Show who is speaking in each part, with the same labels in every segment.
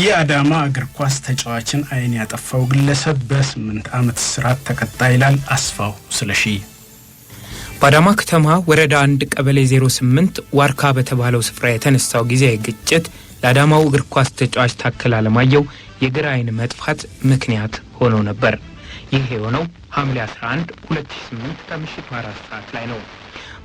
Speaker 1: የአዳማ እግር ኳስ ተጫዋችን አይን ያጠፋው ግለሰብ በስምንት ዓመት እስራት ተቀጣ ይላል አስፋው ስለሺ።
Speaker 2: በአዳማ ከተማ ወረዳ አንድ ቀበሌ 08 ዋርካ በተባለው ስፍራ የተነሳው ጊዜያዊ ግጭት ለአዳማው እግር ኳስ ተጫዋች ታከል አለማየሁ የግራ አይን መጥፋት ምክንያት ሆኖ ነበር። ይህ የሆነው ሐምሌ 11 2008 ከምሽቱ አራት ሰዓት ላይ ነው።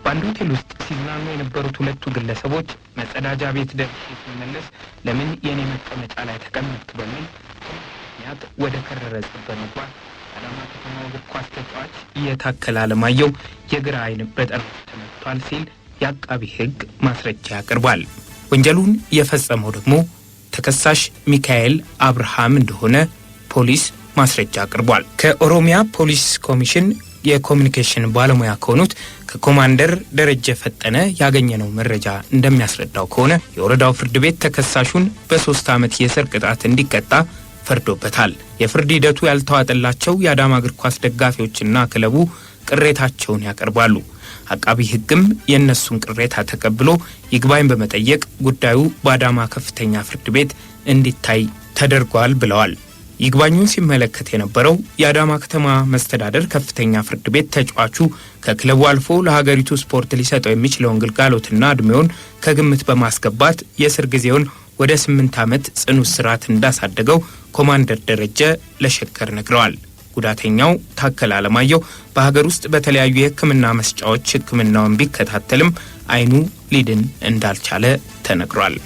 Speaker 2: በአንድ ሆቴል ውስጥ ሲዝናኑ የነበሩት ሁለቱ ግለሰቦች መጸዳጃ ቤት ደርሼ ስመለስ ለምን የእኔ መቀመጫ ላይ ተቀመጥክ በሚል ምክንያት ወደ ከረረ ጽብ በመግባት አዳማ ከተማ እግር ኳስ ተጫዋች እየታከለ አለማየሁ የግራ አይን በጠርሙስ ተመቷል ሲል የአቃቢ ሕግ ማስረጃ ያቀርባል። ወንጀሉን የፈጸመው ደግሞ ተከሳሽ ሚካኤል አብርሃም እንደሆነ ፖሊስ ማስረጃ አቅርቧል። ከኦሮሚያ ፖሊስ ኮሚሽን የኮሚኒኬሽን ባለሙያ ከሆኑት ከኮማንደር ደረጀ ፈጠነ ያገኘነው መረጃ እንደሚያስረዳው ከሆነ የወረዳው ፍርድ ቤት ተከሳሹን በሶስት ዓመት የእስር ቅጣት እንዲቀጣ ፈርዶበታል። የፍርድ ሂደቱ ያልተዋጠላቸው የአዳማ እግር ኳስ ደጋፊዎችና ክለቡ ቅሬታቸውን ያቀርባሉ። አቃቢ ሕግም የእነሱን ቅሬታ ተቀብሎ ይግባኝ በመጠየቅ ጉዳዩ በአዳማ ከፍተኛ ፍርድ ቤት እንዲታይ ተደርጓል ብለዋል። ይግባኙን ሲመለከት የነበረው የአዳማ ከተማ መስተዳደር ከፍተኛ ፍርድ ቤት ተጫዋቹ ከክለቡ አልፎ ለሀገሪቱ ስፖርት ሊሰጠው የሚችለውን ግልጋሎትና እድሜውን ከግምት በማስገባት የእስር ጊዜውን ወደ ስምንት ዓመት ጽኑ እስራት እንዳሳደገው ኮማንደር ደረጀ ለሸገር ነግረዋል። ጉዳተኛው ታከል አለማየሁ በሀገር ውስጥ በተለያዩ የሕክምና መስጫዎች ሕክምናውን ቢከታተልም ዓይኑ ሊድን እንዳልቻለ ተነግሯል።